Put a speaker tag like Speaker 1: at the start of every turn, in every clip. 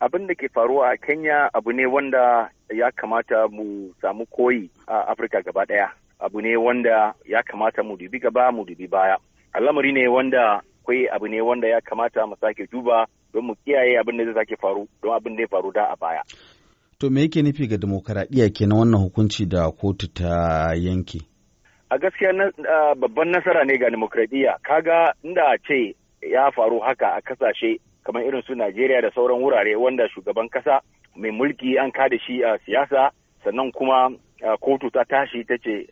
Speaker 1: abin da ke faruwa a kenya abu ne wanda ya kamata mu samu koyi a afirka gaba daya abu ne wanda ya kamata mu dubi gaba mu dubi baya al'amari ne wanda akwai abu ne wanda ya kamata mu sake duba don mu kiyaye abin da zai sake faru don abin da ya faru da a baya
Speaker 2: to me yake nufi ga demokaradiyya kenan wannan hukunci da kotu ta yanke
Speaker 1: a gaskiya babban nasara ne ga demokaradiyya kaga inda ce ya faru haka a kasashe kamar irin su Najeriya da sauran wurare wanda shugaban kasa mai mulki an da shi a siyasa sannan kuma kotu ta tashi ta ce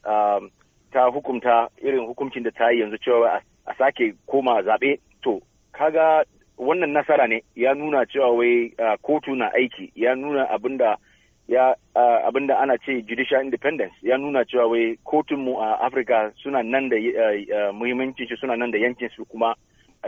Speaker 1: ta hukumta irin hukuncin da ta yi yanzu cewa a sake koma zaɓe to kaga wannan nasara ne ya nuna cewa wai kotu na aiki ya nuna abinda ya abinda ana ce judicial independence ya nuna cewa wai kotunmu a afirka suna nan da muhimmancin suna nan da yankin su kuma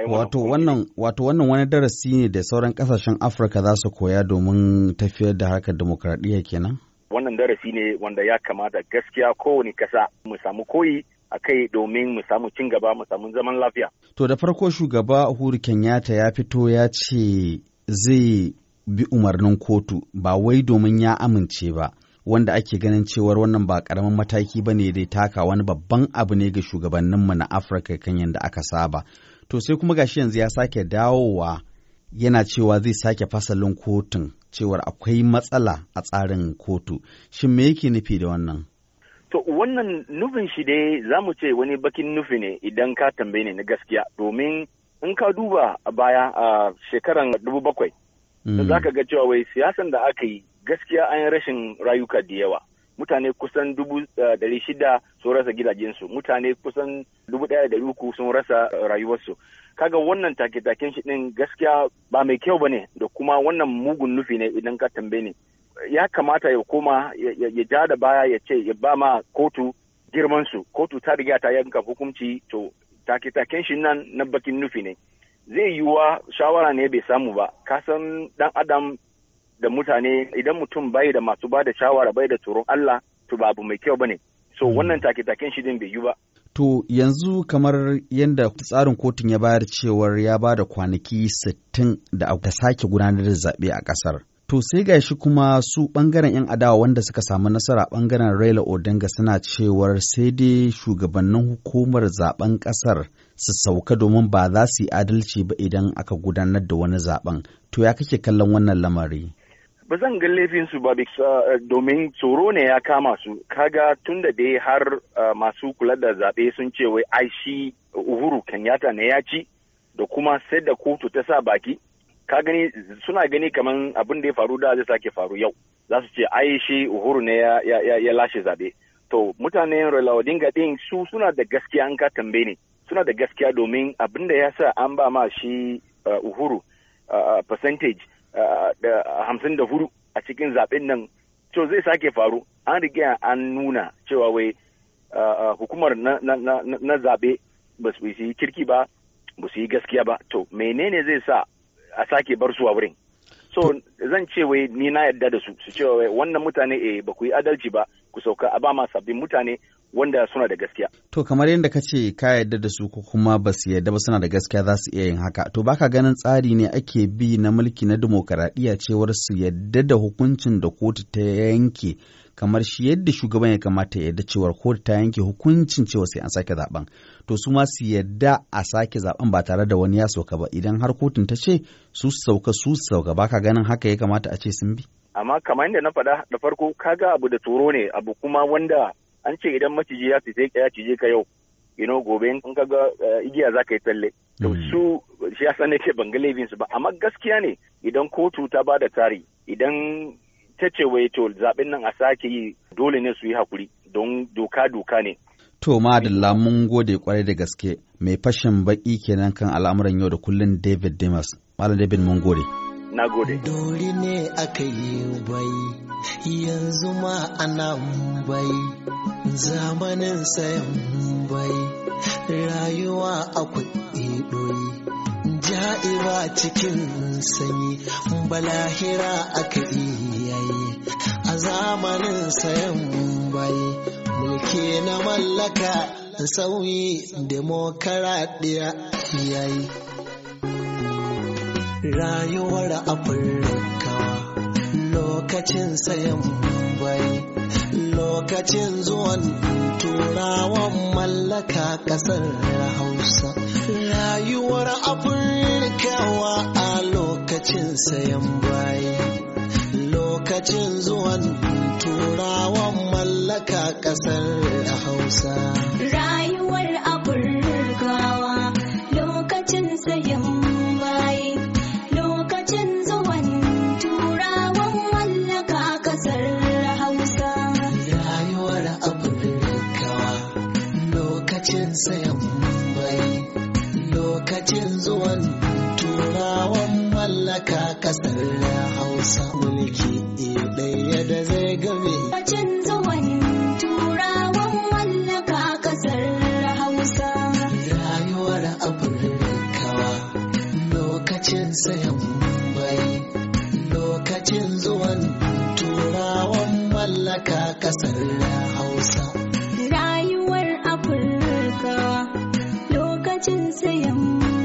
Speaker 1: Wato
Speaker 2: wannan wato wannan wani darasi ne da sauran kasashen Afirka za su koya domin tafiyar da harkar demokradiyya kenan?
Speaker 1: Wannan darasi ne wanda ya kamata gaskiya kowane kasa mu samu koyi a kai domin mu samu cin gaba mu samu zaman lafiya.
Speaker 2: To da farko shugaba Uhuru Kenyatta ya fito ya ce zai bi umarnin kotu ba wai domin ya amince ba. wanda ake ganin cewar wannan ba karamin mataki ba ne dai taka wani babban abu ne ga shugabanninmu na afirka kan yadda aka saba to sai kuma gashi yanzu ya sake dawowa yana cewa zai sake fasalin kotun cewar akwai matsala a tsarin kotu shin me yake nufi da wannan
Speaker 1: To wannan nufin shi dai za mu ce wani bakin nufi ne idan ka tambaye ne na gaskiya domin in ka duba a baya a shekaran dubu bakwai. Mm. Za ka ga cewa wai siyasan da aka yi gaskiya an rashin rayuka da yawa. mutane kusan dubu ɗari eh, shida sun rasa gidajensu mutane kusan dubu ɗaya da uku sun rasa eh, rayuwarsu kaga wannan take-taken shi ɗin gaskiya ba mai kyau ba ne da kuma wannan mugun nufi ne idan ka tambaye ne ya kamata ya koma ya ja da baya ya ce ya ba ma kotu girmansu kotu ta riga ta yanka hukunci to take-taken shi nan na bakin nufi ne zai yiwuwa shawara ne bai samu ba kasan dan adam da mutane idan mutum bai da masu ba da shawara bai da tsoron Allah to babu mai kyau bane so hmm. wannan take-taken shi din bai yi ba
Speaker 2: To yanzu kamar yadda tsarin kotun ya bayar cewar ya ba da kwanaki 60 da aka sake gudanar da zaɓe a ƙasar. To sai gashi kuma su ɓangaren 'yan adawa wanda suka samu nasara ɓangaren Raila Odinga suna cewar sai dai shugabannin hukumar zaben ƙasar su sauka domin ba za su yi adalci ba idan aka gudanar da wani zaben. To ya kake kallon wannan
Speaker 1: lamari? ba zan ga laifinsu ba uh, uh, domin tsoro ne ya kama su kaga tun da dai har uh, masu kula da zaɓe sun ce wai ai uhuru kenyatta ne ya ci da kuma sai da kotu ta sa baki ka gani suna gani kamar abin da ya faru da zai sake faru yau za su ce ai uhuru ne ya, lashe zaɓe to mutane Raila Odinga din su suna da gaskiya an ka tambaye ne suna da gaskiya domin abin da ya sa an ba ma shi uhuru percentage hamsin da hudu a cikin zaɓen nan to zai sake faru an riga an nuna cewa wai hukumar na zaɓe ba su yi kirki ba ba su yi gaskiya ba to menene zai sa a sake bar su a wurin so zan ce wai ni na yarda da su su ce wai wannan mutane eh ba ku yi adalci ba ku sauka a ba ma sabbin mutane wanda suna da gaskiya.
Speaker 2: To kamar yadda ka ce ka yarda da su ko kuma ba su yarda ba suna da gaskiya za su iya yin haka. To baka ganin tsari ne ake bi na mulki na demokaradiyya cewar su yarda da hukuncin da kotu ta yanke kamar shi yadda shugaban ya kamata yarda cewar kotu ta yanke hukuncin cewa sai an sake zaben. To su ma su yarda a sake zaben ba tare da wani ya sauka ba idan har kotun ta ce su sauka su sauka baka ganin haka ya kamata a ce sun bi.
Speaker 1: amma kamar yadda na faɗa da farko kaga abu da tsoro ne abu kuma wanda an ce idan maciji ya fice ya cije ka yau ino gobe in ka eh, igiya za ka yi tsalle to hmm. su shi ya san nake ban ga laifin su ba amma gaskiya ne idan kotu ta ba da tari idan ta ce wai to zaben nan a sake yi dole ne su yi hakuri don doka doka ne
Speaker 2: To madalla lamun gode kwarai da gaske mai fashin baki kenan kan al'amuran yau da kullun David demas Malam David mun gode.
Speaker 1: na gode dori
Speaker 3: ne aka yi bai yanzu ma ana bai zamanin sayan bai rayuwa a kuɗi ɗoyi ja'iba cikin sanyi balahira aka yi, a zamanin sayan bai mulki na mallaka sauyi demokaradiyya yayi rayuwar afirka lokacin sayan bai lokacin zuwan turawan mallaka kasar hausa rayuwar wa a lokacin sayan bai lokacin zuwan turawan mallaka kasar hausa rayuwar wa lokacin sayan tsayin bai lokacin zuwan turawan mallaka kasar hausa mulki e, ɗaya da zai game lokacin zuwan turawan mallaka kasar hausa rayuwar afirkawa lokacin tsayin bai lokacin zuwan turawan mallaka kasar hausa 真色阳光。